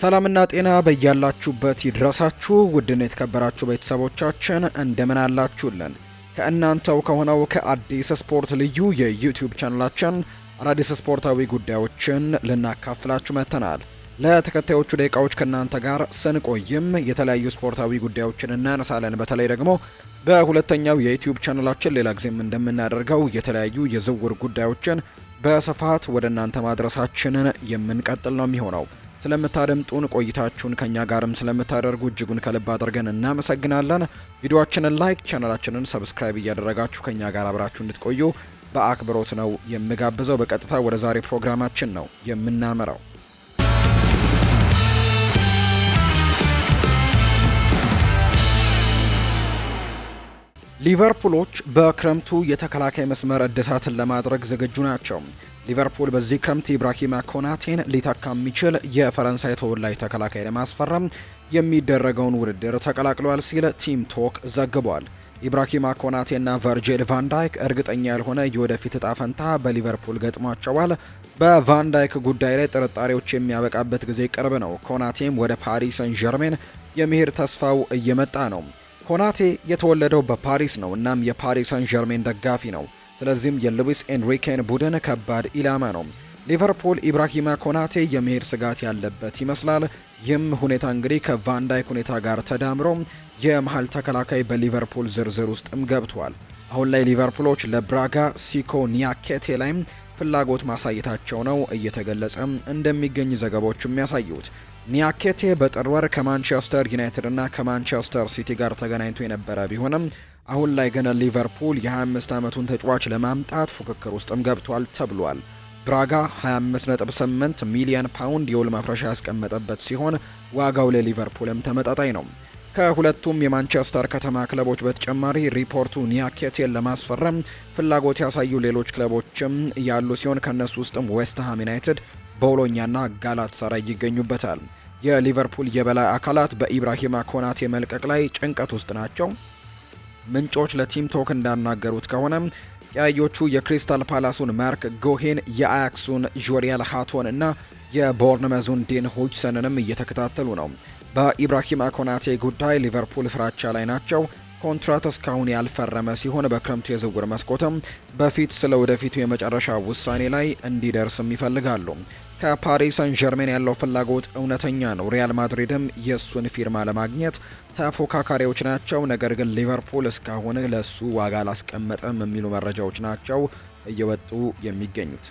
ሰላምና ጤና በያላችሁበት ይድረሳችሁ። ውድን የተከበራችሁ ቤተሰቦቻችን እንደምን አላችሁልን? ከእናንተው ከሆነው ከአዲስ ስፖርት ልዩ የዩቲዩብ ቻናላችን አዳዲስ ስፖርታዊ ጉዳዮችን ልናካፍላችሁ መጥተናል። ለተከታዮቹ ደቂቃዎች ከእናንተ ጋር ስንቆይም የተለያዩ ስፖርታዊ ጉዳዮችን እናነሳለን። በተለይ ደግሞ በሁለተኛው የዩቲዩብ ቻናላችን ሌላ ጊዜም እንደምናደርገው የተለያዩ የዝውውር ጉዳዮችን በስፋት ወደ እናንተ ማድረሳችንን የምንቀጥል ነው የሚሆነው ስለምታደምጡን ቆይታችሁን ከኛ ጋርም ስለምታደርጉ እጅጉን ከልብ አድርገን እናመሰግናለን። ቪዲዮአችንን ላይክ፣ ቻናላችንን ሰብስክራይብ እያደረጋችሁ ከኛ ጋር አብራችሁ እንድትቆዩ በአክብሮት ነው የምጋብዘው። በቀጥታ ወደ ዛሬ ፕሮግራማችን ነው የምናመራው። ሊቨርፑሎች በክረምቱ የተከላካይ መስመር እድሳትን ለማድረግ ዝግጁ ናቸው። ሊቨርፑል በዚህ ክረምት ኢብራሂማ ኮናቴን ሊተካ የሚችል የፈረንሳይ ተወላጅ ተከላካይ ለማስፈረም የሚደረገውን ውድድር ተቀላቅሏል ሲል ቲም ቶክ ዘግቧል። ኢብራሂማ ኮናቴና ቨርጂል ቫንዳይክ እርግጠኛ ያልሆነ የወደፊት እጣ ፈንታ በሊቨርፑል ገጥሟቸዋል። በቫንዳይክ ጉዳይ ላይ ጥርጣሬዎች የሚያበቃበት ጊዜ ቅርብ ነው። ኮናቴም ወደ ፓሪስ ሰን ዠርሜን የመሄድ ተስፋው እየመጣ ነው። ኮናቴ የተወለደው በፓሪስ ነው። እናም የፓሪስ ሰን ዠርሜን ደጋፊ ነው። ስለዚህም የሉዊስ ኤንሪኬን ቡድን ከባድ ኢላማ ነው። ሊቨርፑል ኢብራሂማ ኮናቴ የመሄድ ስጋት ያለበት ይመስላል። ይህም ሁኔታ እንግዲህ ከቫንዳይክ ሁኔታ ጋር ተዳምሮ የመሀል ተከላካይ በሊቨርፑል ዝርዝር ውስጥም ገብቷል። አሁን ላይ ሊቨርፑሎች ለብራጋ ሲኮ ኒያኬቴ ላይም ፍላጎት ማሳየታቸው ነው እየተገለጸ እንደሚገኝ ዘገባዎች የሚያሳዩት። ኒያኬቴ በጥር ወር ከማንቸስተር ዩናይትድ እና ከማንቸስተር ሲቲ ጋር ተገናኝቶ የነበረ ቢሆንም አሁን ላይ ግን ሊቨርፑል የ25 ዓመቱን ተጫዋች ለማምጣት ፉክክር ውስጥም ገብቷል ተብሏል። ብራጋ 25.8 ሚሊዮን ፓውንድ የውል ማፍረሻ ያስቀመጠበት ሲሆን ዋጋው ለሊቨርፑልም ተመጣጣኝ ነው። ከሁለቱም የማንቸስተር ከተማ ክለቦች በተጨማሪ ሪፖርቱ ኒያኬቴን ለማስፈረም ፍላጎት ያሳዩ ሌሎች ክለቦችም ያሉ ሲሆን ከእነሱ ውስጥም ዌስትሃም ዩናይትድ፣ ቦሎኛና ጋላት ሰራይ ይገኙበታል። የሊቨርፑል የበላይ አካላት በኢብራሂማ ኮናቴ መልቀቅ ላይ ጭንቀት ውስጥ ናቸው። ምንጮች ለቲም ቶክ እንዳናገሩት ከሆነ ቀያዮቹ የክሪስታል ፓላሱን ማርክ ጎሄን የአያክሱን ዦሪያል ሃቶን እና የቦርንመዙን ዴን ሆጅሰንንም እየተከታተሉ ነው። በኢብራሂም አኮናቴ ጉዳይ ሊቨርፑል ፍራቻ ላይ ናቸው። ኮንትራት እስካሁን ያልፈረመ ሲሆን በክረምቱ የዝውውር መስኮትም በፊት ስለ ወደፊቱ የመጨረሻ ውሳኔ ላይ እንዲደርስም ይፈልጋሉ። ከፓሪስ ሰን ዠርሜን ያለው ፍላጎት እውነተኛ ነው። ሪያል ማድሪድም የእሱን ፊርማ ለማግኘት ተፎካካሪዎች ናቸው። ነገር ግን ሊቨርፑል እስካሁን ለእሱ ዋጋ አላስቀመጠም የሚሉ መረጃዎች ናቸው እየወጡ የሚገኙት።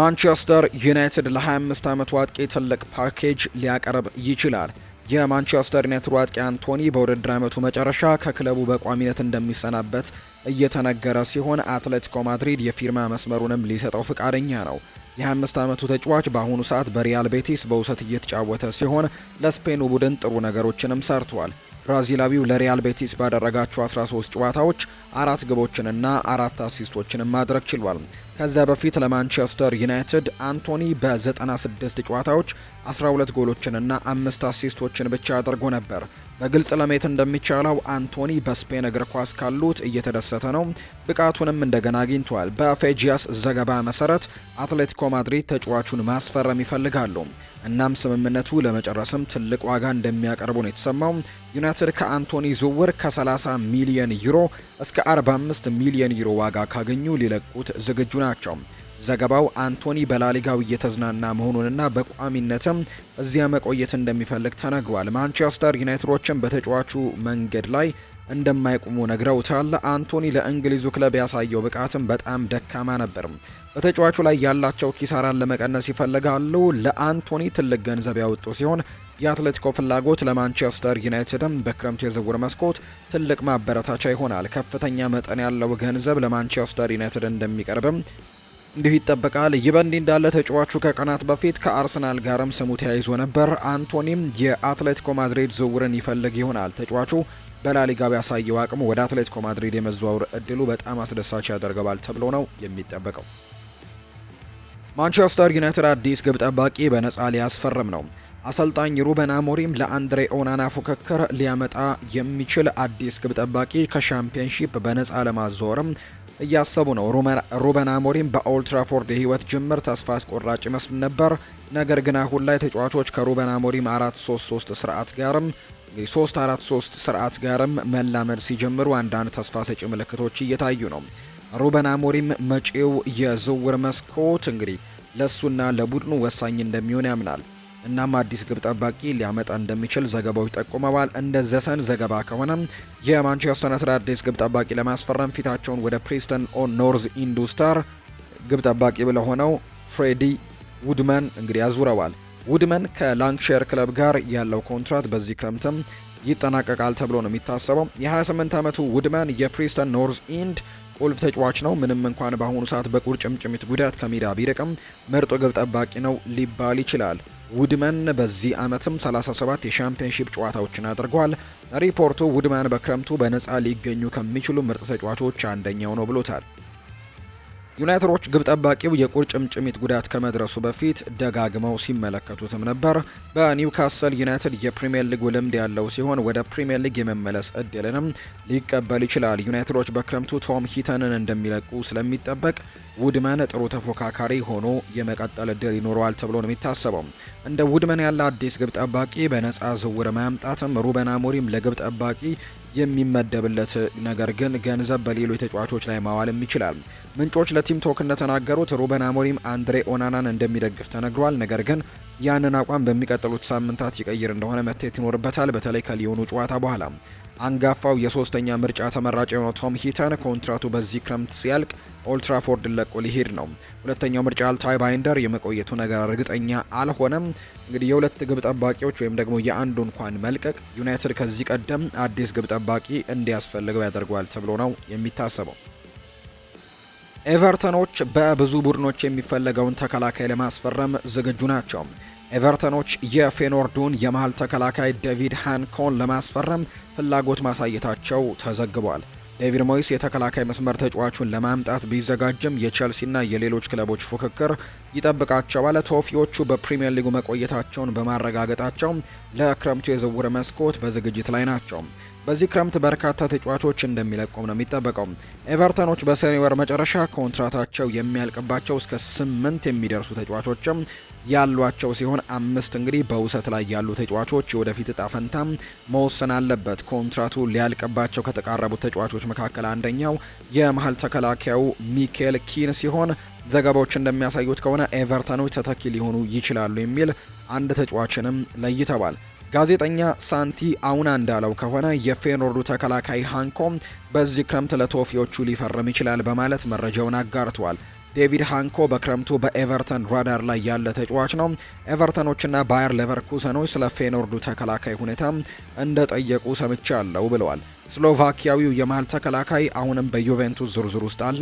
ማንቸስተር ዩናይትድ ለ25 ዓመቱ አጥቂ ትልቅ ፓኬጅ ሊያቀርብ ይችላል። የማንቸስተር ዩናይትድ አጥቂ አንቶኒ በውድድር ዓመቱ መጨረሻ ከክለቡ በቋሚነት እንደሚሰናበት እየተነገረ ሲሆን አትሌቲኮ ማድሪድ የፊርማ መስመሩንም ሊሰጠው ፍቃደኛ ነው። የ25 ዓመቱ ተጫዋች በአሁኑ ሰዓት በሪያል ቤቲስ በውሰት እየተጫወተ ሲሆን ለስፔኑ ቡድን ጥሩ ነገሮችንም ሰርቷል። ብራዚላዊው ለሪያል ቤቲስ ባደረጋቸው 13 ጨዋታዎች አራት ግቦችንና አራት አሲስቶችንም ማድረግ ችሏል። ከዚያ በፊት ለማንቸስተር ዩናይትድ አንቶኒ በ96 ጨዋታዎች 12 ጎሎችንና አምስት አሲስቶችን ብቻ አድርጎ ነበር። በግልጽ ለማየት እንደሚቻለው አንቶኒ በስፔን እግር ኳስ ካሉት እየተደሰተ ነው፣ ብቃቱንም እንደገና አግኝቷል። በፌጂያስ ዘገባ መሰረት አትሌቲኮ ማድሪድ ተጫዋቹን ማስፈረም ይፈልጋሉ። እናም ስምምነቱ ለመጨረስም ትልቅ ዋጋ እንደሚያቀርቡ ነው የተሰማው። ዩናይትድ ከአንቶኒ ዝውውር ከ30 ሚሊዮን ዩሮ እስከ 45 ሚሊዮን ዩሮ ዋጋ ካገኙ ሊለቁት ዝግጁ ናቸው። ዘገባው አንቶኒ በላሊጋው እየተዝናና መሆኑንና በቋሚነትም እዚያ መቆየት እንደሚፈልግ ተነግሯል። ማንቸስተር ዩናይትዶችን በተጫዋቹ መንገድ ላይ እንደማይቆሙ ነግረውታል። አንቶኒ ለእንግሊዙ ክለብ ያሳየው ብቃትም በጣም ደካማ ነበር። በተጫዋቹ ላይ ያላቸው ኪሳራን ለመቀነስ ይፈልጋሉ። ለአንቶኒ ትልቅ ገንዘብ ያወጡ ሲሆን የአትሌቲኮ ፍላጎት ለማንቸስተር ዩናይትድም በክረምቱ የዝውውር መስኮት ትልቅ ማበረታቻ ይሆናል። ከፍተኛ መጠን ያለው ገንዘብ ለማንቸስተር ዩናይትድ እንደሚቀርብም እንዲሁ ይጠበቃል። ይህ በእንዲህ እንዳለ ተጫዋቹ ከቀናት በፊት ከአርሰናል ጋርም ስሙ ተያይዞ ነበር። አንቶኒም የአትሌቲኮ ማድሪድ ዝውውርን ይፈልግ ይሆናል። ተጫዋቹ በላሊጋ ያሳየው አቅሙ ወደ አትሌቲኮ ማድሪድ የመዘዋወር እድሉ በጣም አስደሳች ያደርገዋል ተብሎ ነው የሚጠበቀው። ማንቸስተር ዩናይትድ አዲስ ግብ ጠባቂ በነፃ ሊያስፈርም ነው። አሰልጣኝ ሩበን አሞሪም ለአንድሬ ኦናና ፉክክር ሊያመጣ የሚችል አዲስ ግብ ጠባቂ ከሻምፒየንሺፕ በነፃ ለማዘወርም እያሰቡ ነው። ሩበን አሞሪም በኦልትራፎርድ የህይወት ጅምር ተስፋ አስቆራጭ ይመስል ነበር። ነገር ግን አሁን ላይ ተጫዋቾች ከሩበን አሞሪም 433 ስርዓት ጋርም እንግዲህ 343 ስርዓት ጋርም መላመድ ሲጀምሩ አንዳንድ ተስፋ ሰጪ ምልክቶች እየታዩ ነው። ሩበን አሞሪም መጪው የዝውውር መስኮት እንግዲህ ለእሱና ለቡድኑ ወሳኝ እንደሚሆን ያምናል። እናም አዲስ ግብ ጠባቂ ሊያመጣ እንደሚችል ዘገባዎች ጠቁመዋል። እንደ ዘሰን ዘገባ ከሆነም የማንቸስተር ዩናይትድ አዲስ ግብ ጠባቂ ለማስፈረም ፊታቸውን ወደ ፕሪስተን ኦ ኖርዝ ኢንዱስታር ግብ ጠባቂ ብለሆነው ፍሬዲ ውድመን እንግዲህ ያዙረዋል። ውድመን ከላንክሼር ክለብ ጋር ያለው ኮንትራት በዚህ ክረምትም ይጠናቀቃል ተብሎ ነው የሚታሰበው። የ28 ዓመቱ ውድመን የፕሪስተን ኖርዝ ኢንድ ቁልፍ ተጫዋች ነው። ምንም እንኳን በአሁኑ ሰዓት በቁርጭምጭሚት ጉዳት ከሜዳ ቢርቅም ምርጡ ግብ ጠባቂ ነው ሊባል ይችላል። ውድመን በዚህ ዓመትም 37 የሻምፒየንሺፕ ጨዋታዎችን አድርጓል። ሪፖርቱ ውድመን በክረምቱ በነፃ ሊገኙ ከሚችሉ ምርጥ ተጫዋቾች አንደኛው ነው ብሎታል። ዩናይትዶች ግብ ጠባቂው የቁርጭምጭሚት ጉዳት ከመድረሱ በፊት ደጋግመው ሲመለከቱትም ነበር። በኒውካስል ዩናይትድ የፕሪምየር ሊግ ልምድ ያለው ሲሆን ወደ ፕሪምየር ሊግ የመመለስ እድልንም ሊቀበል ይችላል። ዩናይትዶች በክረምቱ ቶም ሂተንን እንደሚለቁ ስለሚጠበቅ ውድመን ጥሩ ተፎካካሪ ሆኖ የመቀጠል እድል ይኖረዋል ተብሎ ነው የሚታሰበው። እንደ ውድመን ያለ አዲስ ግብ ጠባቂ በነፃ ዝውውር ማምጣትም ሩበን አሞሪም ለግብ ጠባቂ የሚመደብለት ነገር ግን ገንዘብ በሌሎች ተጫዋቾች ላይ ማዋልም ይችላል። ምንጮች ለቲም ቶክ እንደተናገሩት ሩበን አሞሪም አንድሬ ኦናናን እንደሚደግፍ ተነግሯል። ነገር ግን ያንን አቋም በሚቀጥሉት ሳምንታት ይቀይር እንደሆነ መታየት ይኖርበታል፣ በተለይ ከሊዮኑ ጨዋታ በኋላ አንጋፋው የሶስተኛ ምርጫ ተመራጭ የሆነው ቶም ሂተን ኮንትራቱ በዚህ ክረምት ሲያልቅ ኦልትራፎርድ ለቆ ሊሄድ ነው። ሁለተኛው ምርጫ አልታይ ባይንደር የመቆየቱ ነገር እርግጠኛ አልሆነም። እንግዲህ የሁለት ግብ ጠባቂዎች ወይም ደግሞ የአንዱ እንኳን መልቀቅ ዩናይትድ ከዚህ ቀደም አዲስ ግብ ጠባቂ እንዲያስፈልገው ያደርገዋል ተብሎ ነው የሚታሰበው። ኤቨርተኖች በብዙ ቡድኖች የሚፈለገውን ተከላካይ ለማስፈረም ዝግጁ ናቸው። ኤቨርተኖች የፌኖርዱን የመሃል ተከላካይ ዴቪድ ሃንኮን ለማስፈረም ፍላጎት ማሳየታቸው ተዘግቧል። ዴቪድ ሞይስ የተከላካይ መስመር ተጫዋቹን ለማምጣት ቢዘጋጅም የቼልሲና የሌሎች ክለቦች ፉክክር ይጠብቃቸዋል። ቶፊዎቹ በፕሪምየር ሊጉ መቆየታቸውን በማረጋገጣቸው ለክረምቱ የዝውውር መስኮት በዝግጅት ላይ ናቸው። በዚህ ክረምት በርካታ ተጫዋቾች እንደሚለቁም ነው የሚጠበቀው። ኤቨርተኖች በሰኔ ወር መጨረሻ ኮንትራታቸው የሚያልቅባቸው እስከ ስምንት የሚደርሱ ተጫዋቾችም ያሏቸው ሲሆን አምስት እንግዲህ በውሰት ላይ ያሉ ተጫዋቾች የወደፊት እጣ ፈንታ መወሰን አለበት። ኮንትራቱ ሊያልቅባቸው ከተቃረቡት ተጫዋቾች መካከል አንደኛው የመሀል ተከላካዩ ሚኬል ኪን ሲሆን ዘገባዎች እንደሚያሳዩት ከሆነ ኤቨርተኖች ተተኪ ሊሆኑ ይችላሉ የሚል አንድ ተጫዋችንም ለይተዋል። ጋዜጠኛ ሳንቲ አውና እንዳለው ከሆነ የፌኖርዱ ተከላካይ ሃንኮም በዚህ ክረምት ለቶፊዎቹ ሊፈርም ይችላል በማለት መረጃውን አጋርተዋል። ዴቪድ ሃንኮ በክረምቱ በኤቨርተን ራዳር ላይ ያለ ተጫዋች ነው። ኤቨርተኖችና ባየር ሌቨርኩሰኖች ስለ ፌኖርዱ ተከላካይ ሁኔታ እንደጠየቁ ሰምቻለሁ ብለዋል። ስሎቫኪያዊው የመሃል ተከላካይ አሁንም በዩቬንቱስ ዝርዝር ውስጥ አለ።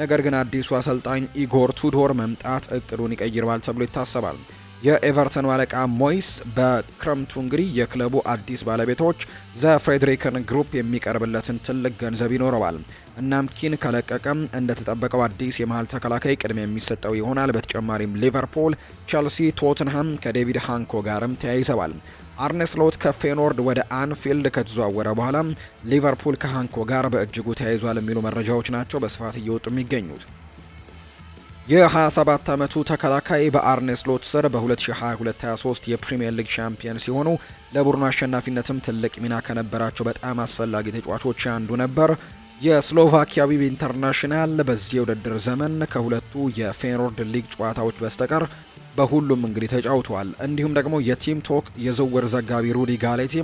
ነገር ግን አዲሱ አሰልጣኝ ኢጎር ቱዶር መምጣት እቅዱን ይቀይርባል ተብሎ ይታሰባል። የኤቨርተኑ አለቃ ሞይስ በክረምቱ እንግዲህ የክለቡ አዲስ ባለቤቶች ዘ ፍሬድሪክን ግሩፕ የሚቀርብለትን ትልቅ ገንዘብ ይኖረዋል። እናም ኪን ከለቀቀም እንደተጠበቀው አዲስ የመሀል ተከላካይ ቅድሚያ የሚሰጠው ይሆናል። በተጨማሪም ሊቨርፑል፣ ቸልሲ፣ ቶትንሃም ከዴቪድ ሃንኮ ጋርም ተያይዘዋል። አርነ ስሎት ከፌኖርድ ወደ አንፊልድ ከተዘዋወረ በኋላ ሊቨርፑል ከሃንኮ ጋር በእጅጉ ተያይዟል የሚሉ መረጃዎች ናቸው በስፋት እየወጡ የሚገኙት። የ27 ዓመቱ ተከላካይ በአርኔስ ሎት ስር በ2022-23 የፕሪምየር ሊግ ሻምፒየን ሲሆኑ ለቡድኑ አሸናፊነትም ትልቅ ሚና ከነበራቸው በጣም አስፈላጊ ተጫዋቾች አንዱ ነበር። የስሎቫኪያዊ ኢንተርናሽናል በዚህ የውድድር ዘመን ከሁለቱ የፌኖርድ ሊግ ጨዋታዎች በስተቀር በሁሉም እንግዲህ ተጫውተዋል። እንዲሁም ደግሞ የቲም ቶክ የዝውውር ዘጋቢ ሩዲ ጋሌቲ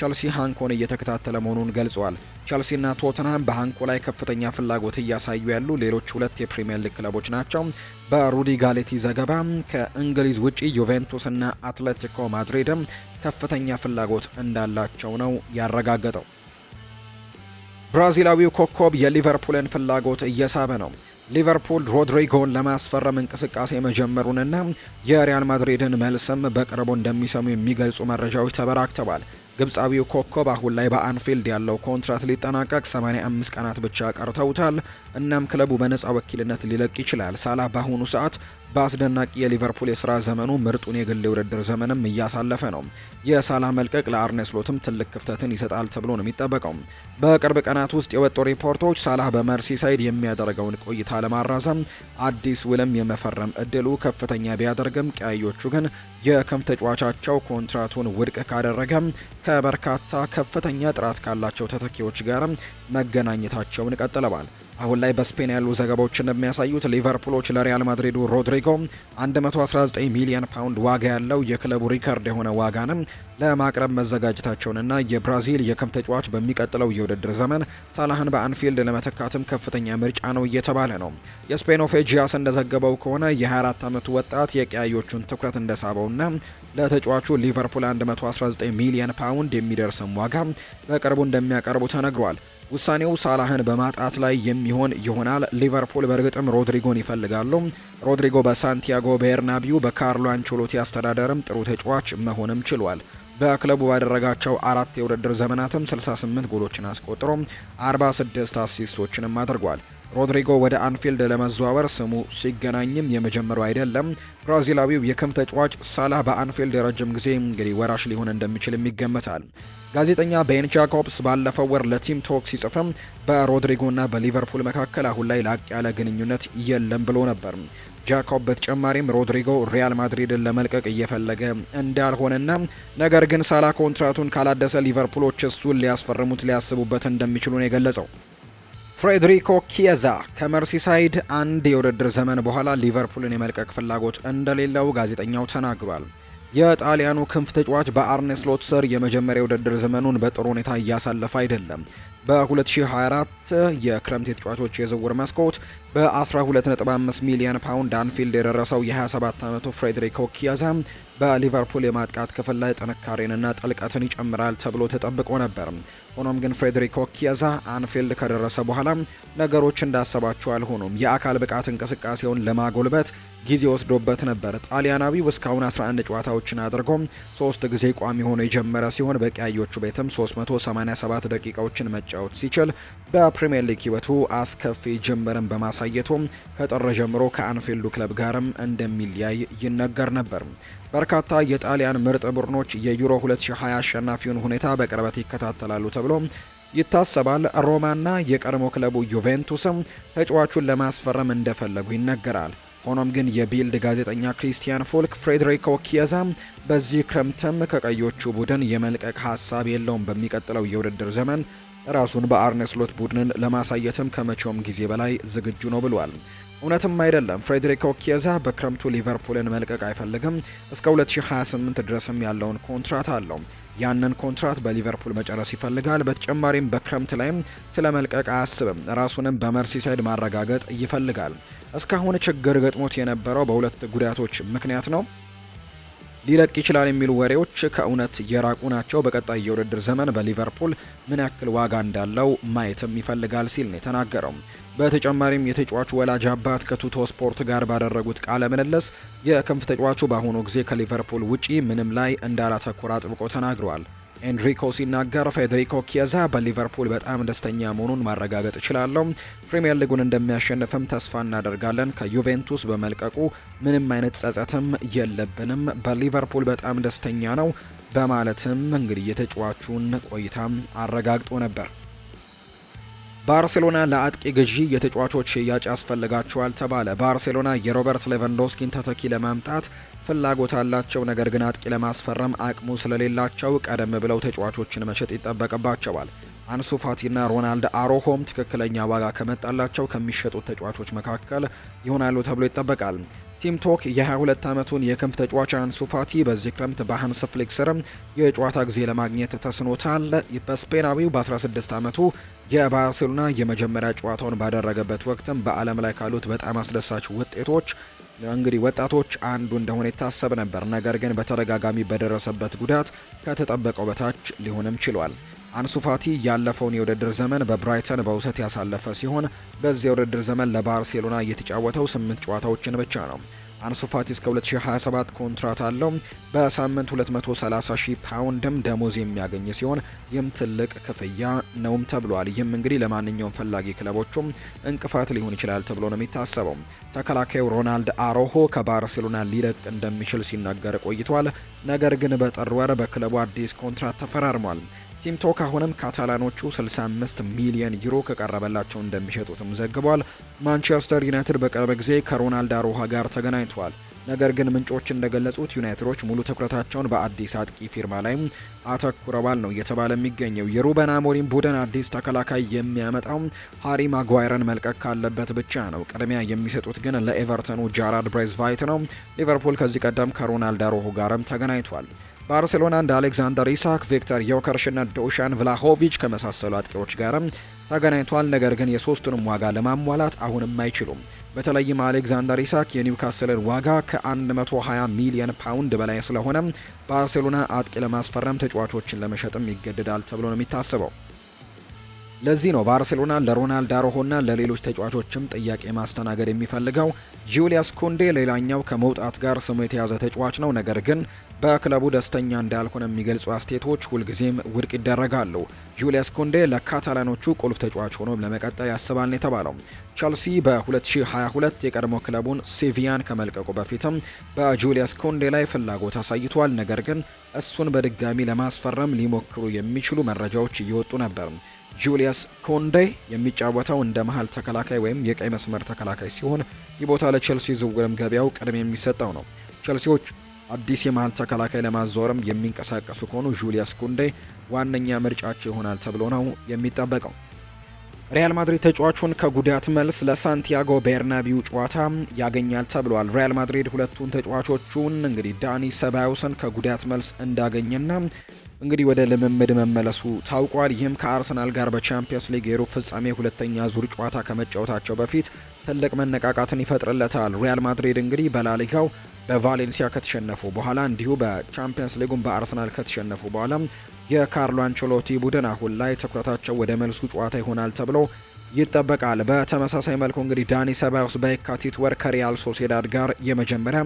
ቸልሲ ሃንኮን እየተከታተለ መሆኑን ገልጿል። ቸልሲና ቶትንሃም በሃንኮ ላይ ከፍተኛ ፍላጎት እያሳዩ ያሉ ሌሎች ሁለት የፕሪምየር ሊግ ክለቦች ናቸው። በሩዲ ጋሌቲ ዘገባ ከእንግሊዝ ውጪ ዩቬንቱስና አትሌቲኮ ማድሪድም ከፍተኛ ፍላጎት እንዳላቸው ነው ያረጋገጠው። ብራዚላዊው ኮከብ የሊቨርፑልን ፍላጎት እየሳበ ነው። ሊቨርፑል ሮድሪጎን ለማስፈረም እንቅስቃሴ መጀመሩንና የሪያል ማድሪድን መልስም በቅርቡ እንደሚሰሙ የሚገልጹ መረጃዎች ተበራክተዋል። ግብፃዊው ኮከብ አሁን ላይ በአንፊልድ ያለው ኮንትራት ሊጠናቀቅ 85 ቀናት ብቻ ቀርተውታል። እናም ክለቡ በነፃ ወኪልነት ሊለቅ ይችላል። ሳላ በአሁኑ ሰዓት በአስደናቂ የሊቨርፑል የሥራ ዘመኑ ምርጡን የግል ውድድር ዘመንም እያሳለፈ ነው። የሳላ መልቀቅ ስሎትም ትልቅ ክፍተትን ይሰጣል ተብሎ ነው የሚጠበቀው። በቅርብ ቀናት ውስጥ የወጡ ሪፖርቶች ሳላህ በመርሲሳይድ የሚያደርገውን ቆይታ ለማራዘም አዲስ ውልም የመፈረም እድሉ ከፍተኛ ቢያደርግም ቀያዮቹ ግን የክንፍ ተጫዋቻቸው ኮንትራቱን ውድቅ ካደረገ ከበርካታ ከፍተኛ ጥራት ካላቸው ተተኪዎች ጋር መገናኘታቸውን ቀጥለዋል። አሁን ላይ በስፔን ያሉ ዘገባዎች እንደሚያሳዩት ሊቨርፑሎች ለሪያል ማድሪዱ ሮድሪጎ 119 ሚሊዮን ፓውንድ ዋጋ ያለው የክለቡ ሪከርድ የሆነ ዋጋንም ለማቅረብ መዘጋጀታቸውንና የብራዚል የክንፍ ተጫዋች በሚቀጥለው የውድድር ዘመን ሳላህን በአንፊልድ ለመተካትም ከፍተኛ ምርጫ ነው እየተባለ ነው። የስፔኖ ፌጂያስ እንደዘገበው ከሆነ የ24 ዓመቱ ወጣት የቀያዮቹን ትኩረት እንደሳበውና ለተጫዋቹ ሊቨርፑል 119 ሚሊዮን ፓውንድ የሚደርስም ዋጋ በቅርቡ እንደሚያቀርቡ ተነግሯል። ውሳኔው ሳላህን በማጣት ላይ የሚሆን ይሆናል። ሊቨርፑል በእርግጥም ሮድሪጎን ይፈልጋሉ። ሮድሪጎ በሳንቲያጎ ቤርናቢው በካርሎ አንቸሎቲ አስተዳደርም ጥሩ ተጫዋች መሆንም ችሏል። በክለቡ ባደረጋቸው አራት የውድድር ዘመናትም 68 ጎሎችን አስቆጥሮ 46 አሲስቶችንም አድርጓል። ሮድሪጎ ወደ አንፊልድ ለመዘዋወር ስሙ ሲገናኝም የመጀመሩ አይደለም። ብራዚላዊው የክም ተጫዋች ሳላህ በአንፊልድ ረጅም ጊዜ እንግዲህ ወራሽ ሊሆን እንደሚችልም ይገመታል። ጋዜጠኛ ቤን ጃኮብስ ባለፈው ወር ለቲም ቶክ ሲጽፍም በሮድሪጎና በሊቨርፑል መካከል አሁን ላይ ላቅ ያለ ግንኙነት የለም ብሎ ነበር። ጃኮብ በተጨማሪም ሮድሪጎ ሪያል ማድሪድን ለመልቀቅ እየፈለገ እንዳልሆነና ነገር ግን ሳላ ኮንትራቱን ካላደሰ ሊቨርፑሎች እሱን ሊያስፈርሙት ሊያስቡበት እንደሚችሉ ነው የገለጸው። ፍሬድሪኮ ኪየዛ ከመርሲሳይድ አንድ የውድድር ዘመን በኋላ ሊቨርፑልን የመልቀቅ ፍላጎት እንደሌለው ጋዜጠኛው ተናግሯል። የጣሊያኑ ክንፍ ተጫዋች በአርኔስሎት ስር የመጀመሪያ ውድድር ዘመኑን በጥሩ ሁኔታ እያሳለፈ አይደለም። በ2024 የክረምት የተጫዋቾች የዝውውር መስኮት በ12.5 ሚሊዮን ፓውንድ አንፊልድ የደረሰው የ27 ዓመቱ ፍሬድሪኮ ኪያዛ በሊቨርፑል የማጥቃት ክፍል ላይ ጥንካሬንና ጥልቀትን ይጨምራል ተብሎ ተጠብቆ ነበር። ሆኖም ግን ፍሬድሪኮ ኪያዛ አንፊልድ ከደረሰ በኋላ ነገሮች እንዳሰባቸው አልሆኑም። የአካል ብቃት እንቅስቃሴውን ለማጎልበት ጊዜ ወስዶበት ነበር። ጣሊያናዊው እስካሁን 11 ጨዋታዎችን አድርጎ ሶስት ጊዜ ቋሚ ሆኖ የጀመረ ሲሆን በቀያዮቹ ቤትም 387 ደቂቃዎችን መ መጫወት ሲችል በፕሪምየር ሊግ ህይወቱ አስከፊ ጅምርን በማሳየቱ ከጥር ጀምሮ ከአንፊልዱ ክለብ ጋርም እንደሚለያይ ይነገር ነበር። በርካታ የጣሊያን ምርጥ ቡድኖች የዩሮ 2020 አሸናፊውን ሁኔታ በቅርበት ይከታተላሉ ተብሎ ይታሰባል። ሮማና የቀድሞ ክለቡ ዩቬንቱስም ተጫዋቹን ለማስፈረም እንደፈለጉ ይነገራል። ሆኖም ግን የቢልድ ጋዜጠኛ ክሪስቲያን ፎልክ ፍሬድሪኮ ኪየዛ በዚህ ክረምትም ከቀዮቹ ቡድን የመልቀቅ ሀሳብ የለውም፣ በሚቀጥለው የውድድር ዘመን ራሱን በአርነ ስሎት ቡድንን ለማሳየትም ከመቼውም ጊዜ በላይ ዝግጁ ነው ብሏል። እውነትም አይደለም። ፍሬድሪኮ ኪየዛ በክረምቱ ሊቨርፑልን መልቀቅ አይፈልግም። እስከ 2028 ድረስም ያለውን ኮንትራት አለው። ያንን ኮንትራት በሊቨርፑል መጨረስ ይፈልጋል። በተጨማሪም በክረምት ላይም ስለ መልቀቅ አያስብም። ራሱንም በመርሲሳይድ ማረጋገጥ ይፈልጋል። እስካሁን ችግር ገጥሞት የነበረው በሁለት ጉዳቶች ምክንያት ነው። ሊለቅ ይችላል የሚሉ ወሬዎች ከእውነት የራቁ ናቸው። በቀጣይ የውድድር ዘመን በሊቨርፑል ምን ያክል ዋጋ እንዳለው ማየትም ይፈልጋል ሲል ነው የተናገረው። በተጨማሪም የተጫዋቹ ወላጅ አባት ከቱቶ ስፖርት ጋር ባደረጉት ቃለ ምልልስ የክንፍ ተጫዋቹ በአሁኑ ጊዜ ከሊቨርፑል ውጪ ምንም ላይ እንዳላተኩር አጥብቆ ተናግረዋል። ኤንሪኮ ሲናገር ፌዴሪኮ ኪየዛ በሊቨርፑል በጣም ደስተኛ መሆኑን ማረጋገጥ እችላለሁ። ፕሪምየር ሊጉን እንደሚያሸንፍም ተስፋ እናደርጋለን። ከዩቬንቱስ በመልቀቁ ምንም አይነት ጸጸትም የለብንም። በሊቨርፑል በጣም ደስተኛ ነው በማለትም እንግዲህ የተጫዋቹን ቆይታ አረጋግጦ ነበር። ባርሴሎና ለአጥቂ ግዢ የተጫዋቾች ሽያጭ ያስፈልጋቸዋል ተባለ። ባርሴሎና የሮበርት ሌቫንዶስኪን ተተኪ ለማምጣት ፍላጎት አላቸው፣ ነገር ግን አጥቂ ለማስፈረም አቅሙ ስለሌላቸው ቀደም ብለው ተጫዋቾችን መሸጥ ይጠበቅባቸዋል። አንሱ ፋቲና ሮናልድ አሮሆም ትክክለኛ ዋጋ ከመጣላቸው ከሚሸጡት ተጫዋቾች መካከል ይሆናሉ ተብሎ ይጠበቃል። ቲም ቶክ የ22 ዓመቱን የክንፍ ተጫዋች አንሱ ፋቲ በዚህ ክረምት በሃንስ ፍሊክ የጨዋታ ጊዜ ለማግኘት ተስኖታል። በስፔናዊው በ16 ዓመቱ የባርሴሎና የመጀመሪያ ጨዋታውን ባደረገበት ወቅትም በዓለም ላይ ካሉት በጣም አስደሳች ውጤቶች እንግዲህ ወጣቶች አንዱ እንደሆነ ይታሰብ ነበር። ነገር ግን በተደጋጋሚ በደረሰበት ጉዳት ከተጠበቀው በታች ሊሆንም ችሏል። አንሱፋቲ ያለፈውን የውድድር ዘመን በብራይተን በውሰት ያሳለፈ ሲሆን በዚህ የውድድር ዘመን ለባርሴሎና እየተጫወተው ስምንት ጨዋታዎችን ብቻ ነው። አንሱፋቲ እስከ 2027 ኮንትራት አለው። በሳምንት 230 ሺ ፓውንድም ደሞዝ የሚያገኝ ሲሆን ይህም ትልቅ ክፍያ ነውም ተብሏል። ይህም እንግዲህ ለማንኛውም ፈላጊ ክለቦቹም እንቅፋት ሊሆን ይችላል ተብሎ ነው የሚታሰበው። ተከላካዩ ሮናልድ አሮሆ ከባርሴሎና ሊለቅ እንደሚችል ሲነገር ቆይቷል። ነገር ግን በጥር ወር በክለቡ አዲስ ኮንትራት ተፈራርሟል። ቲም ቶክ አሁንም ካታላኖቹ 65 ሚሊዮን ዩሮ ከቀረበላቸው እንደሚሸጡትም ዘግቧል። ማንቸስተር ዩናይትድ በቅርብ ጊዜ ከሮናልድ አሮሃ ጋር ተገናኝቷል። ነገር ግን ምንጮች እንደገለጹት ዩናይትዶች ሙሉ ትኩረታቸውን በአዲስ አጥቂ ፊርማ ላይ አተኩረዋል ነው እየተባለ የሚገኘው። የሩበን አሞሪም ቡድን አዲስ ተከላካይ የሚያመጣው ሃሪ ማጓይረን መልቀቅ ካለበት ብቻ ነው። ቅድሚያ የሚሰጡት ግን ለኤቨርተኑ ጃራድ ብሬዝቫይት ነው። ሊቨርፑል ከዚህ ቀደም ከሮናልድ አሮሆ ጋርም ተገናኝቷል። ባርሴሎና እንደ አሌክዛንደር ኢሳክ፣ ቪክተር ዮከርሽና ዶሻን ቭላሆቪች ከመሳሰሉ አጥቂዎች ጋርም ተገናኝቷል። ነገር ግን የሶስቱንም ዋጋ ለማሟላት አሁንም አይችሉም። በተለይም አሌክዛንደር ኢሳክ የኒውካስልን ዋጋ ከ120 ሚሊዮን ፓውንድ በላይ ስለሆነ ባርሴሎና አጥቂ ለማስፈረም ተጫዋቾችን ለመሸጥም ይገደዳል ተብሎ ነው የሚታሰበው። ለዚህ ነው ባርሴሎና ለሮናልድ አሮሆና ለሌሎች ተጫዋቾችም ጥያቄ ማስተናገድ የሚፈልገው። ጁሊያስ ኩንዴ ሌላኛው ከመውጣት ጋር ስሙ የተያዘ ተጫዋች ነው። ነገር ግን በክለቡ ደስተኛ እንዳልሆነ የሚገልጹ አስተያየቶች ሁልጊዜም ውድቅ ይደረጋሉ። ጁሊያስ ኩንዴ ለካታላኖቹ ቁልፍ ተጫዋች ሆኖ ለመቀጠል ያስባል ነው የተባለው። ቸልሲ በ2022 የቀድሞ ክለቡን ሴቪያን ከመልቀቁ በፊትም በጁሊያስ ኩንዴ ላይ ፍላጎት አሳይቷል። ነገር ግን እሱን በድጋሚ ለማስፈረም ሊሞክሩ የሚችሉ መረጃዎች እየወጡ ነበር። ጁሊያስ ኮንዴ የሚጫወተው እንደ መሀል ተከላካይ ወይም የቀይ መስመር ተከላካይ ሲሆን ይህ ቦታ ለቸልሲ ዝውውርም ገበያው ቅድሚያ የሚሰጠው ነው። ቸልሲዎች አዲስ የመሀል ተከላካይ ለማዛወርም የሚንቀሳቀሱ ከሆኑ ጁሊያስ ኮንዴ ዋነኛ ምርጫቸው ይሆናል ተብሎ ነው የሚጠበቀው። ሪያል ማድሪድ ተጫዋቹን ከጉዳት መልስ ለሳንቲያጎ ቤርናቢው ጨዋታ ያገኛል ተብሏል። ሪያል ማድሪድ ሁለቱን ተጫዋቾቹን እንግዲህ ዳኒ ሰባዮስን ከጉዳት መልስ እንዳገኘና እንግዲህ ወደ ልምምድ መመለሱ ታውቋል። ይህም ከአርሰናል ጋር በቻምፒየንስ ሊግ የሩብ ፍጻሜ ሁለተኛ ዙር ጨዋታ ከመጫወታቸው በፊት ትልቅ መነቃቃትን ይፈጥርለታል። ሪያል ማድሪድ እንግዲህ በላሊጋው በቫሌንሲያ ከተሸነፉ በኋላ እንዲሁ በቻምፒየንስ ሊጉን በአርሰናል ከተሸነፉ በኋላ የካርሎ አንቸሎቲ ቡድን አሁን ላይ ትኩረታቸው ወደ መልሱ ጨዋታ ይሆናል ተብሎ ይጠበቃል። በተመሳሳይ መልኩ እንግዲህ ዳኒ ሰባዮስ በየካቲት ወር ከሪያል ሶሴዳድ ጋር የመጀመሪያ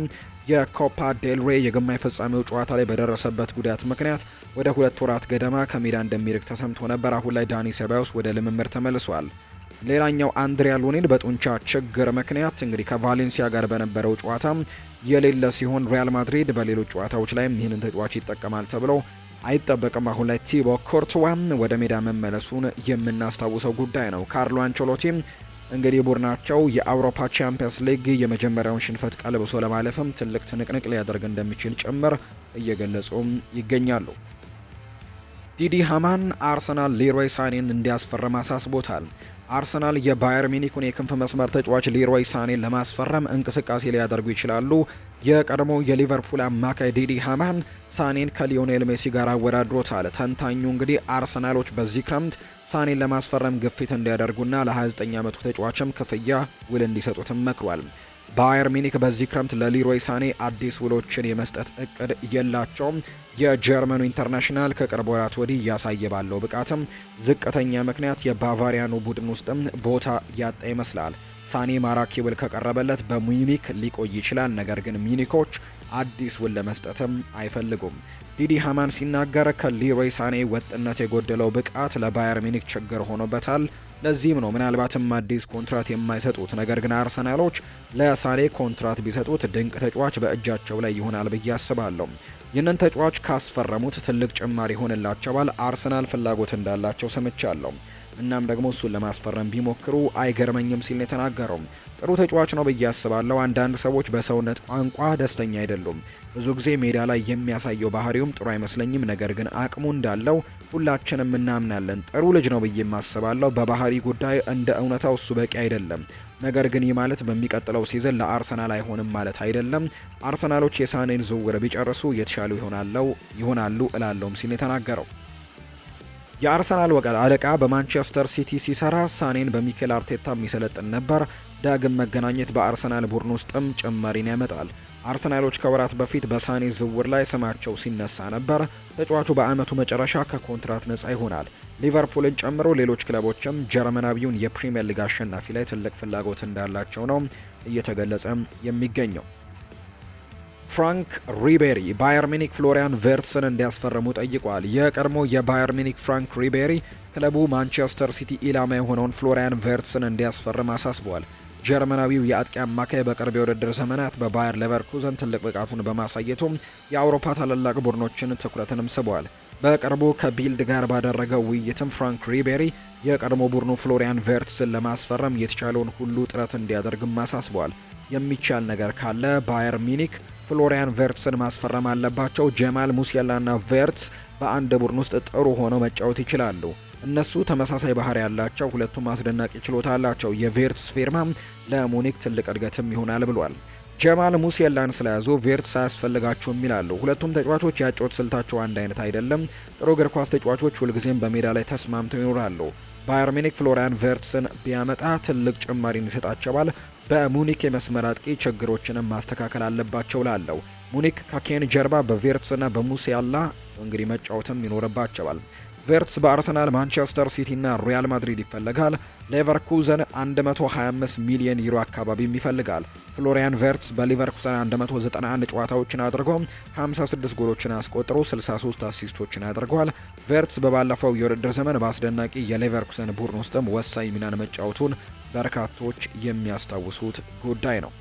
የኮፓ ዴልሬ ሬ የግማሽ ፍጻሜው ጨዋታ ላይ በደረሰበት ጉዳት ምክንያት ወደ ሁለት ወራት ገደማ ከሜዳ እንደሚርቅ ተሰምቶ ነበር። አሁን ላይ ዳኒ ሰባዮስ ወደ ልምምድ ተመልሷል። ሌላኛው አንድሪያ ሉኒን በጡንቻ ችግር ምክንያት እንግዲህ ከቫሌንሲያ ጋር በነበረው ጨዋታ የሌለ ሲሆን ሪያል ማድሪድ በሌሎች ጨዋታዎች ላይም ይህንን ተጫዋች ይጠቀማል ተብሎ አይጠበቅም። አሁን ላይ ቲቦ ኮርትዋም ወደ ሜዳ መመለሱን የምናስታውሰው ጉዳይ ነው። ካርሎ አንቸሎቲ እንግዲህ ቡድናቸው የአውሮፓ ቻምፒየንስ ሊግ የመጀመሪያውን ሽንፈት ቀልብሶ ለማለፍም ትልቅ ትንቅንቅ ሊያደርግ እንደሚችል ጭምር እየገለጹም ይገኛሉ። ዲዲ ሃማን አርሰናል ሌሮይ ሳኔን እንዲያስፈርም አሳስቦታል። አርሰናል የባየር ሚኒኩን የክንፍ መስመር ተጫዋች ሊሮይ ሳኔን ለማስፈረም እንቅስቃሴ ሊያደርጉ ይችላሉ። የቀድሞ የሊቨርፑል አማካይ ዲዲ ሃማን ሳኔን ከሊዮኔል ሜሲ ጋር አወዳድሮታል። ተንታኙ እንግዲህ አርሰናሎች በዚህ ክረምት ሳኔን ለማስፈረም ግፊት እንዲያደርጉና ለ29 ዓመቱ ተጫዋችም ክፍያ ውል እንዲሰጡትም መክሯል። ባየር ሚኒክ በዚህ ክረምት ለሊሮይ ሳኔ አዲስ ውሎችን የመስጠት እቅድ የላቸውም። የጀርመኑ ኢንተርናሽናል ከቅርብ ወራት ወዲህ እያሳየ ባለው ብቃትም ዝቅተኛ ምክንያት የባቫሪያኑ ቡድን ውስጥም ቦታ ያጣ ይመስላል። ሳኔ ማራኪ ውል ከቀረበለት በሙኒክ ሊቆይ ይችላል። ነገር ግን ሚኒኮች አዲስ ውል ለመስጠትም አይፈልጉም። ዲዲ ሃማን ሲናገር ከሊሮይ ሳኔ ወጥነት የጎደለው ብቃት ለባየር ሚኒክ ችግር ሆኖበታል። ለዚህም ነው ምናልባትም አዲስ ኮንትራት የማይሰጡት። ነገር ግን አርሰናሎች ለሳኔ ኮንትራት ቢሰጡት ድንቅ ተጫዋች በእጃቸው ላይ ይሆናል ብዬ አስባለሁ። ይህንን ተጫዋች ካስፈረሙት ትልቅ ጭማሪ ይሆንላቸዋል። አርሰናል ፍላጎት እንዳላቸው ሰምቻለሁ። እናም ደግሞ እሱን ለማስፈረም ቢሞክሩ አይገርመኝም ሲል ነው የተናገረው። ጥሩ ተጫዋች ነው ብዬ አስባለሁ። አንዳንድ ሰዎች በሰውነት ቋንቋ ደስተኛ አይደሉም። ብዙ ጊዜ ሜዳ ላይ የሚያሳየው ባህሪውም ጥሩ አይመስለኝም። ነገር ግን አቅሙ እንዳለው ሁላችንም እናምናለን። ጥሩ ልጅ ነው ብዬ ማስባለው። በባህሪ ጉዳይ እንደ እውነታው እሱ በቂ አይደለም። ነገር ግን ይህ ማለት በሚቀጥለው ሲዝን ለአርሰናል አይሆንም ማለት አይደለም። አርሰናሎች የሳኔን ዝውውር ቢጨርሱ የተሻሉ ይሆናሉ እላለውም ሲል የተናገረው የአርሰናል ወቀል አለቃ በማንቸስተር ሲቲ ሲሰራ ሳኔን በሚኬል አርቴታ የሚሰለጥን ነበር። ዳግም መገናኘት በአርሰናል ቡድን ውስጥም ጭማሪን ያመጣል። አርሰናሎች ከወራት በፊት በሳኔ ዝውውር ላይ ስማቸው ሲነሳ ነበር። ተጫዋቹ በአመቱ መጨረሻ ከኮንትራት ነጻ ይሆናል። ሊቨርፑልን ጨምሮ ሌሎች ክለቦችም ጀርመናዊውን የፕሪምየር ሊግ አሸናፊ ላይ ትልቅ ፍላጎት እንዳላቸው ነው እየተገለጸ የሚገኘው። ፍራንክ ሪቤሪ ባየር ሚኒክ ፍሎሪያን ቬርትስን እንዲያስፈርሙ ጠይቋል። የቀድሞ የባየር ሚኒክ ፍራንክ ሪቤሪ ክለቡ ማንቸስተር ሲቲ ኢላማ የሆነውን ፍሎሪያን ቬርትስን እንዲያስፈርም አሳስቧል። ጀርመናዊው የአጥቂ አማካይ በቅርብ የውድድር ዘመናት በባየር ሌቨርኩዘን ትልቅ ብቃቱን በማሳየቱ የአውሮፓ ታላላቅ ቡድኖችን ትኩረትንም ስቧል። በቅርቡ ከቢልድ ጋር ባደረገው ውይይትም ፍራንክ ሪቤሪ የቀድሞ ቡድኑ ፍሎሪያን ቬርትስን ለማስፈረም የተቻለውን ሁሉ ጥረት እንዲያደርግም አሳስቧል። የሚቻል ነገር ካለ ባየር ሚኒክ ፍሎሪያን ቬርትስን ማስፈረም አለባቸው። ጀማል ሙሴላና ቬርትስ በአንድ ቡድን ውስጥ ጥሩ ሆነው መጫወት ይችላሉ። እነሱ ተመሳሳይ ባህሪ ያላቸው ሁለቱም አስደናቂ ችሎታ አላቸው። የቬርትስ ፊርማ ለሙኒክ ትልቅ እድገትም ይሆናል ብሏል። ጀማል ሙሴላን ስለያዙ ቬርትስ አያስፈልጋቸውም ይላሉ። ሁለቱም ተጫዋቾች ያጮት ስልታቸው አንድ አይነት አይደለም። ጥሩ እግር ኳስ ተጫዋቾች ሁልጊዜም በሜዳ ላይ ተስማምተው ይኖራሉ። ባየር ሚኒክ ፍሎሪያን ቬርትስን ቢያመጣ ትልቅ ጭማሪን ይሰጣቸዋል። በሙኒክ የመስመር አጥቂ ችግሮችንም ማስተካከል አለባቸው ላለው ሙኒክ ከኬን ጀርባ በቬርትስና በሙሴያላ እንግዲህ መጫወትም ይኖርባቸዋል። ቬርትስ በአርሰናል፣ ማንቸስተር ሲቲ እና ሪያል ማድሪድ ይፈልጋል። ሌቨርኩዘን 125 ሚሊዮን ዩሮ አካባቢም ይፈልጋል። ፍሎሪያን ቬርትስ በሌቨርኩዘን 191 ጨዋታዎችን አድርጎ 56 ጎሎችን አስቆጥሮ 63 አሲስቶችን አድርጓል። ቬርትስ በባለፈው የውድድር ዘመን በአስደናቂ የሌቨርኩዘን ቡድን ውስጥም ወሳኝ ሚናን መጫወቱን በርካቶች የሚያስታውሱት ጉዳይ ነው።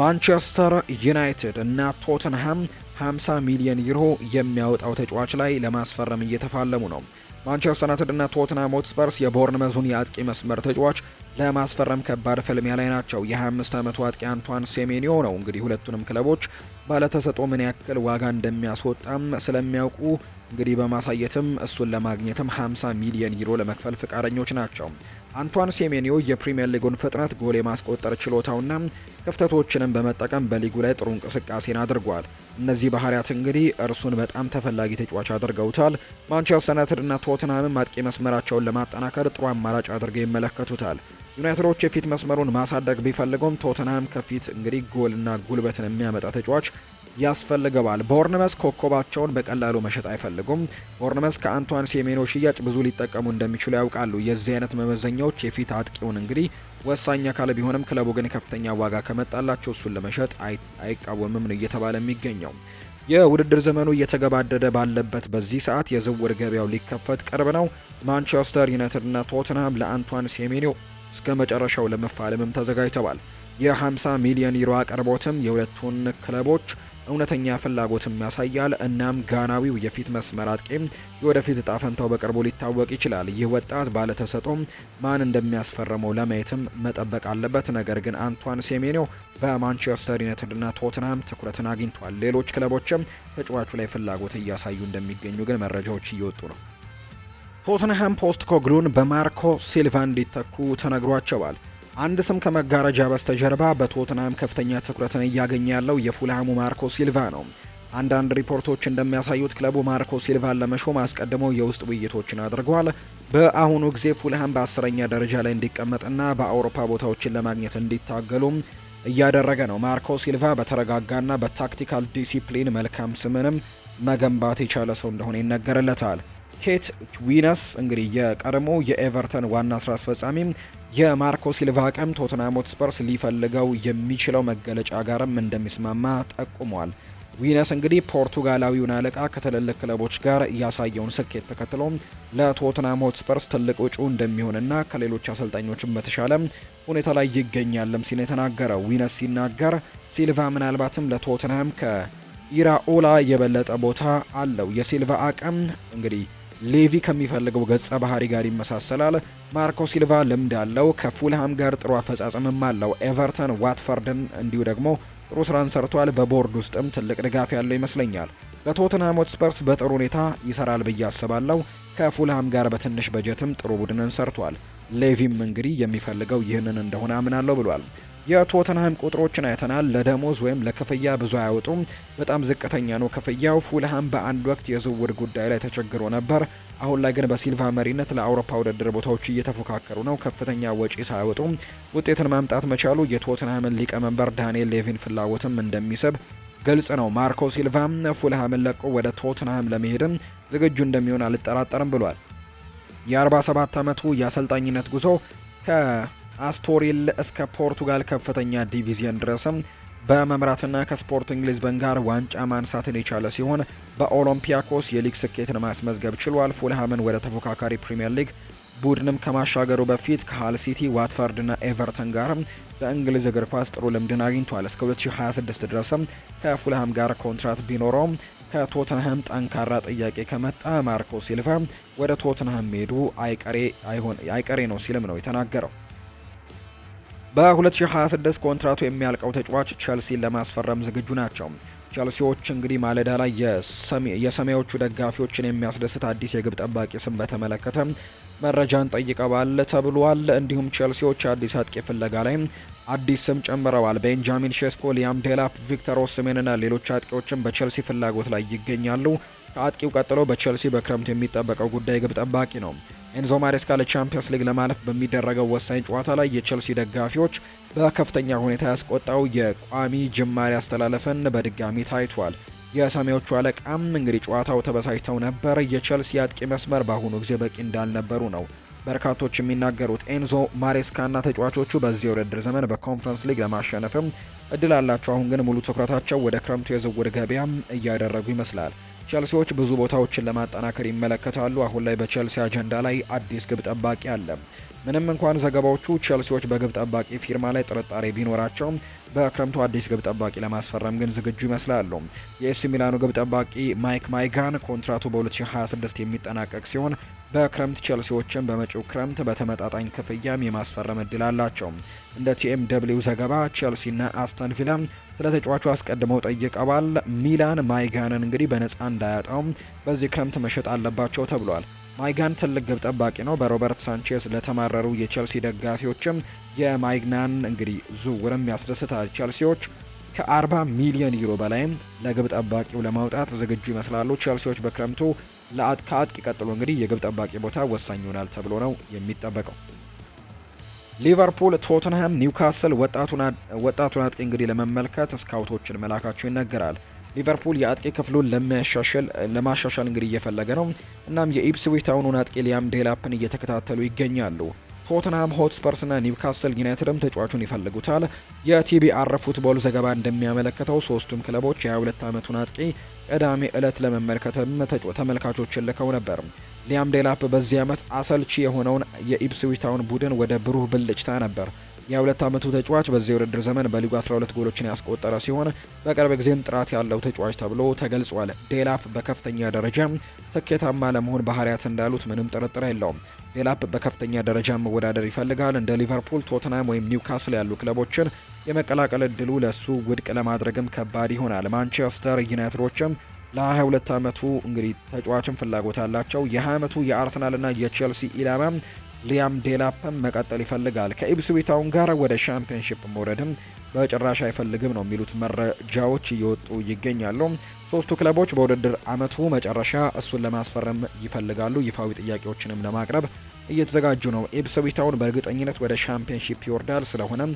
ማንቸስተር ዩናይትድ እና ቶተንሃም 50 ሚሊዮን ዩሮ የሚያወጣው ተጫዋች ላይ ለማስፈረም እየተፋለሙ ነው። ማንቸስተር ዩናይትድ እና ቶትናም ሆትስፐርስ የቦርንመዙን የአጥቂ መስመር ተጫዋች ለማስፈረም ከባድ ፍልሚያ ላይ ናቸው። የ25 ዓመቱ አጥቂ አንቷን ሴሜኒዮ ነው እንግዲህ ሁለቱንም ክለቦች ባለተሰጦ ምን ያክል ዋጋ እንደሚያስወጣም ስለሚያውቁ እንግዲህ በማሳየትም እሱን ለማግኘትም 50 ሚሊዮን ዩሮ ለመክፈል ፍቃደኞች ናቸው። አንቷን ሴሜኒዮ የፕሪሚየር ሊጉን ፍጥነት፣ ጎል የማስቆጠር ችሎታውና ክፍተቶችንም በመጠቀም በሊጉ ላይ ጥሩ እንቅስቃሴን አድርጓል። እነዚህ ባህሪያት እንግዲህ እርሱን በጣም ተፈላጊ ተጫዋች አድርገውታል። ማንቸስተር ዩናይትድ እና ቶትንሃምም አጥቂ መስመራቸውን ለማጠናከር ጥሩ አማራጭ አድርገው ይመለከቱታል። ዩናይትዶች የፊት መስመሩን ማሳደግ ቢፈልጉም ቶተንሃም ከፊት እንግዲህ ጎልና ጉልበትን የሚያመጣ ተጫዋች ያስፈልገዋል። ቦርንመስ ኮከባቸውን በቀላሉ መሸጥ አይፈልጉም። ቦርንመስ ከአንቷን ሴሜኖ ሽያጭ ብዙ ሊጠቀሙ እንደሚችሉ ያውቃሉ። የዚህ አይነት መመዘኛዎች የፊት አጥቂውን እንግዲህ ወሳኝ አካል ቢሆንም ክለቡ ግን ከፍተኛ ዋጋ ከመጣላቸው እሱን ለመሸጥ አይቃወምም ነው እየተባለ የሚገኘው። የውድድር ዘመኑ እየተገባደደ ባለበት በዚህ ሰዓት የዝውውር ገበያው ሊከፈት ቅርብ ነው። ማንቸስተር ዩናይትድ እና ቶትንሃም ለአንቷን ሴሜኒዮ እስከ መጨረሻው ለመፋለምም ተዘጋጅተዋል። የ50 ሚሊዮን ዩሮ አቅርቦትም የሁለቱን ክለቦች እውነተኛ ፍላጎትም ያሳያል። እናም ጋናዊው የፊት መስመር አጥቂም የወደፊት እጣ ፈንታው በቅርቡ ሊታወቅ ይችላል። ይህ ወጣት ባለተሰጦም ማን እንደሚያስፈርመው ለማየትም መጠበቅ አለበት። ነገር ግን አንቷን ሴሜኒዮ በማንቸስተር ዩናይትድና ቶትናም ትኩረትን አግኝቷል። ሌሎች ክለቦችም ተጫዋቹ ላይ ፍላጎት እያሳዩ እንደሚገኙ ግን መረጃዎች እየወጡ ነው። ቶትንሃም ፖስት ኮግሉን በማርኮ ሲልቫ እንዲተኩ ተነግሯቸዋል። አንድ ስም ከመጋረጃ በስተጀርባ በቶትንሃም ከፍተኛ ትኩረትን እያገኘ ያለው የፉልሃሙ ማርኮ ሲልቫ ነው። አንዳንድ ሪፖርቶች እንደሚያሳዩት ክለቡ ማርኮ ሲልቫን ለመሾም አስቀድሞ የውስጥ ውይይቶችን አድርጓል። በአሁኑ ጊዜ ፉልሃም በአስረኛ ደረጃ ላይ እንዲቀመጥና በአውሮፓ ቦታዎችን ለማግኘት እንዲታገሉ እያደረገ ነው። ማርኮ ሲልቫ በተረጋጋና በታክቲካል ዲሲፕሊን መልካም ስምንም መገንባት የቻለ ሰው እንደሆነ ይነገርለታል። ኬት ዊነስ እንግዲህ የቀድሞ የኤቨርተን ዋና ስራ አስፈጻሚ የማርኮ ሲልቫ አቅም ቶትናም ሆትስፐርስ ሊፈልገው የሚችለው መገለጫ ጋርም እንደሚስማማ ጠቁሟል። ዊነስ እንግዲህ ፖርቱጋላዊውን አለቃ ከትልልቅ ክለቦች ጋር ያሳየውን ስኬት ተከትሎ ለቶትናም ሆትስፐርስ ትልቅ እጩ እንደሚሆንና ከሌሎች አሰልጣኞችም በተሻለ ሁኔታ ላይ ይገኛልም ሲል የተናገረው ዊነስ ሲናገር ሲልቫ ምናልባትም ለቶትናም ከኢራኦላ የበለጠ ቦታ አለው። የሲልቫ አቅም እንግዲህ ሌቪ ከሚፈልገው ገጸ ባህሪ ጋር ይመሳሰላል። ማርኮ ሲልቫ ልምድ አለው። ከፉልሃም ጋር ጥሩ አፈጻጸምም አለው። ኤቨርተን፣ ዋትፈርድን እንዲሁ ደግሞ ጥሩ ስራን ሰርቷል። በቦርድ ውስጥም ትልቅ ድጋፍ ያለው ይመስለኛል። ለቶትንሃም ሆትስፐርስ በጥሩ ሁኔታ ይሰራል ብዬ አስባለሁ። ከፉልሃም ጋር በትንሽ በጀትም ጥሩ ቡድንን ሰርቷል። ሌቪም እንግዲህ የሚፈልገው ይህንን እንደሆነ አምናለሁ ብሏል። የቶተንሃም ቁጥሮችን አይተናል። ለደሞዝ ወይም ለክፍያ ብዙ አያወጡም፣ በጣም ዝቅተኛ ነው ክፍያው። ፉልሃም በአንድ ወቅት የዝውውር ጉዳይ ላይ ተቸግሮ ነበር። አሁን ላይ ግን በሲልቫ መሪነት ለአውሮፓ ውድድር ቦታዎች እየተፎካከሩ ነው። ከፍተኛ ወጪ ሳያወጡም ውጤትን ማምጣት መቻሉ የቶተንሃምን ሊቀመንበር ዳንኤል ሌቪን ፍላጎትም እንደሚስብ ግልጽ ነው። ማርኮ ሲልቫም ፉልሃምን ለቆ ወደ ቶትንሃም ለመሄድም ዝግጁ እንደሚሆን አልጠራጠርም ብሏል። የ47 ዓመቱ የአሰልጣኝነት ጉዞ ከ አስቶሪል እስከ ፖርቱጋል ከፍተኛ ዲቪዚየን ድረስም በመምራትና ከስፖርቲንግ ሊዝበን ጋር ዋንጫ ማንሳትን የቻለ ሲሆን በኦሎምፒያኮስ የሊግ ስኬትን ማስመዝገብ ችሏል። ፉልሃምን ወደ ተፎካካሪ ፕሪምየር ሊግ ቡድንም ከማሻገሩ በፊት ከሃል ሲቲ፣ እና ኤቨርተን ጋር በእንግሊዝ እግር ኳስ ጥሩ ልምድን አግኝቷል። እስከ 2026 ድረስም ከፉልሃም ጋር ኮንትራት ቢኖረውም ከቶተንሃም ጠንካራ ጥያቄ ከመጣ ማርኮ ሲልቫ ወደ ቶተንሃም መሄዱ አይቀሬ ነው ሲልም ነው የተናገረው። በ2026 ኮንትራቱ የሚያልቀው ተጫዋች ቸልሲን ለማስፈረም ዝግጁ ናቸው። ቸልሲዎች እንግዲህ ማለዳ ላይ የሰማዮቹ ደጋፊዎችን የሚያስደስት አዲስ የግብ ጠባቂ ስም በተመለከተ መረጃን ጠይቀዋል ተብሏል። እንዲሁም ቸልሲዎች አዲስ አጥቂ ፍለጋ ላይ አዲስ ስም ጨምረዋል። ቤንጃሚን ሼስኮ፣ ሊያም ዴላፕ፣ ቪክተር ኦስሜንና ሌሎች አጥቂዎችም በቸልሲ ፍላጎት ላይ ይገኛሉ። ከአጥቂው ቀጥሎ በቸልሲ በክረምት የሚጠበቀው ጉዳይ ግብ ጠባቂ ነው። ኤንዞ ማሬስካ ለቻምፒየንስ ሊግ ለማለፍ በሚደረገው ወሳኝ ጨዋታ ላይ የቼልሲ ደጋፊዎች በከፍተኛ ሁኔታ ያስቆጣው የቋሚ ጅማሬ አስተላለፍን በድጋሚ ታይቷል። የሰማያዊዎቹ አለቃም እንግዲህ ጨዋታው ተበሳጭተው ነበር። የቼልሲ አጥቂ መስመር በአሁኑ ጊዜ በቂ እንዳልነበሩ ነው በርካቶች የሚናገሩት። ኤንዞ ማሬስካና ተጫዋቾቹ በዚህ የውድድር ዘመን በኮንፈረንስ ሊግ ለማሸነፍም እድል አላቸው። አሁን ግን ሙሉ ትኩረታቸው ወደ ክረምቱ የዝውውር ገበያ እያደረጉ ይመስላል። ቸልሲዎች ብዙ ቦታዎችን ለማጠናከር ይመለከታሉ። አሁን ላይ በቸልሲ አጀንዳ ላይ አዲስ ግብ ጠባቂ አለ። ምንም እንኳን ዘገባዎቹ ቼልሲዎች በግብ ጠባቂ ፊርማ ላይ ጥርጣሬ ቢኖራቸውም በክረምቱ አዲስ ግብ ጠባቂ ለማስፈረም ግን ዝግጁ ይመስላሉ። የኤሲ ሚላኑ ግብ ጠባቂ ማይክ ማይጋን ኮንትራቱ በ2026 የሚጠናቀቅ ሲሆን በክረምት ቼልሲዎችን በመጪው ክረምት በተመጣጣኝ ክፍያም የማስፈረም እድል አላቸው። እንደ ቲኤም ደብሊው ዘገባ ቼልሲና አስተን ቪላ ስለ ተጫዋቹ አስቀድመው ጠይቀዋል። ሚላን ማይጋንን እንግዲህ በነፃ እንዳያጣውም በዚህ ክረምት መሸጥ አለባቸው ተብሏል። ማይጋን ትልቅ ግብ ጠባቂ ነው። በሮበርት ሳንቼዝ ለተማረሩ የቸልሲ ደጋፊዎችም የማይግናን እንግዲህ ዝውውርም ያስደስታል። ቸልሲዎች ከ40 ሚሊዮን ዩሮ በላይም ለግብ ጠባቂው ለማውጣት ዝግጁ ይመስላሉ። ቸልሲዎች በክረምቱ ከአጥቂ ቀጥሎ እንግዲህ የግብ ጠባቂ ቦታ ወሳኝ ይሆናል ተብሎ ነው የሚጠበቀው። ሊቨርፑል፣ ቶትንሃም፣ ኒውካስል ወጣቱን አጥቂ እንግዲህ ለመመልከት ስካውቶችን መላካቸው ይነገራል። ሊቨርፑል የአጥቂ ክፍሉን ለሚያሻሽል ለማሻሻል እንግዲህ እየፈለገ ነው። እናም የኢፕስዊች ታውኑን አጥቂ ሊያም ዴላፕን እየተከታተሉ ይገኛሉ። ቶትናም ሆትስፐርስና ኒውካስል ዩናይትድም ተጫዋቹን ይፈልጉታል። የቲቢአር ፉትቦል ዘገባ እንደሚያመለክተው ሶስቱም ክለቦች የ22 ዓመቱን አጥቂ ቅዳሜ ዕለት ለመመልከትም ተመልካቾችን ልከው ነበር። ሊያም ዴላፕ በዚህ ዓመት አሰልቺ የሆነውን የኢፕስዊች ታውን ቡድን ወደ ብሩህ ብልጭታ ነበር የሁለት ዓመቱ ተጫዋች በዚህ የውድድር ዘመን በሊጉ 12 ጎሎችን ያስቆጠረ ሲሆን በቅርብ ጊዜም ጥራት ያለው ተጫዋች ተብሎ ተገልጿል። ዴላፕ በከፍተኛ ደረጃ ስኬታማ ለመሆን ባህሪያት እንዳሉት ምንም ጥርጥር የለውም። ዴላፕ በከፍተኛ ደረጃ መወዳደር ይፈልጋል። እንደ ሊቨርፑል፣ ቶትናም ወይም ኒውካስል ያሉ ክለቦችን የመቀላቀል እድሉ ለሱ ውድቅ ለማድረግም ከባድ ይሆናል። ማንቸስተር ዩናይትዶችም ለ22 ዓመቱ እንግዲህ ተጫዋችን ፍላጎት አላቸው። የ20 ዓመቱ የአርሰናልና የቼልሲ ኢላማ ሊያም ዴላፕም መቀጠል ይፈልጋል። ከኢፕስዊታውን ጋር ወደ ሻምፒዮንሺፕ መውረድም በጭራሽ አይፈልግም ነው የሚሉት መረጃዎች እየወጡ ይገኛሉ። ሶስቱ ክለቦች በውድድር አመቱ መጨረሻ እሱን ለማስፈረም ይፈልጋሉ። ይፋዊ ጥያቄዎችንም ለማቅረብ እየተዘጋጁ ነው። ኢፕስዊታውን በእርግጠኝነት ወደ ሻምፒዮንሺፕ ይወርዳል። ስለሆነም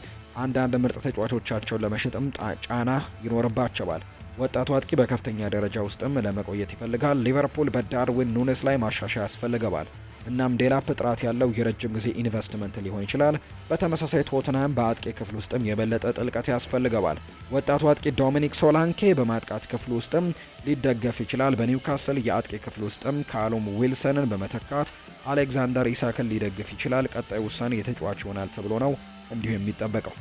አንዳንድ ምርጥ ተጫዋቾቻቸውን ለመሸጥም ጫና ይኖርባቸዋል። ወጣቱ አጥቂ በከፍተኛ ደረጃ ውስጥም ለመቆየት ይፈልጋል። ሊቨርፑል በዳርዊን ኑነስ ላይ ማሻሻያ ያስፈልገዋል። እናም ዴላፕ ጥራት ያለው የረጅም ጊዜ ኢንቨስትመንት ሊሆን ይችላል። በተመሳሳይ ቶትንሃም በአጥቂ ክፍል ውስጥም የበለጠ ጥልቀት ያስፈልገዋል። ወጣቱ አጥቂ ዶሚኒክ ሶላንኬ በማጥቃት ክፍል ውስጥም ሊደገፍ ይችላል። በኒውካስል የአጥቂ ክፍል ውስጥም ካሉም ዊልሰንን በመተካት አሌክዛንደር ኢሳክን ሊደግፍ ይችላል። ቀጣይ ውሳኔ የተጫዋች ይሆናል ተብሎ ነው እንዲሁ የሚጠበቀው።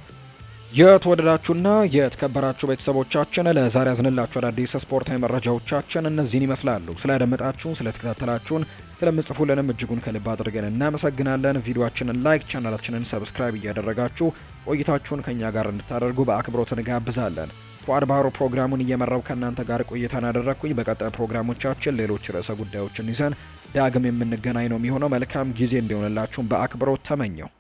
የተወደዳችሁና የተከበራችሁ ቤተሰቦቻችን ለዛሬ ያዝንላችሁ አዳዲስ ስፖርታዊ መረጃዎቻችን እነዚህን ይመስላሉ። ስላደመጣችሁን፣ ስለተከታተላችሁን፣ ስለምጽፉልንም እጅጉን ከልብ አድርገን እናመሰግናለን። ቪዲዮችንን ላይክ፣ ቻናላችንን ሰብስክራይብ እያደረጋችሁ ቆይታችሁን ከእኛ ጋር እንድታደርጉ በአክብሮት እንጋብዛለን። ፏድ ባህሩ ፕሮግራሙን እየመራው ከእናንተ ጋር ቆይታን አደረግኩኝ። በቀጣይ ፕሮግራሞቻችን ሌሎች ርዕሰ ጉዳዮችን ይዘን ዳግም የምንገናኝ ነው የሚሆነው። መልካም ጊዜ እንዲሆንላችሁን በአክብሮት ተመኘው።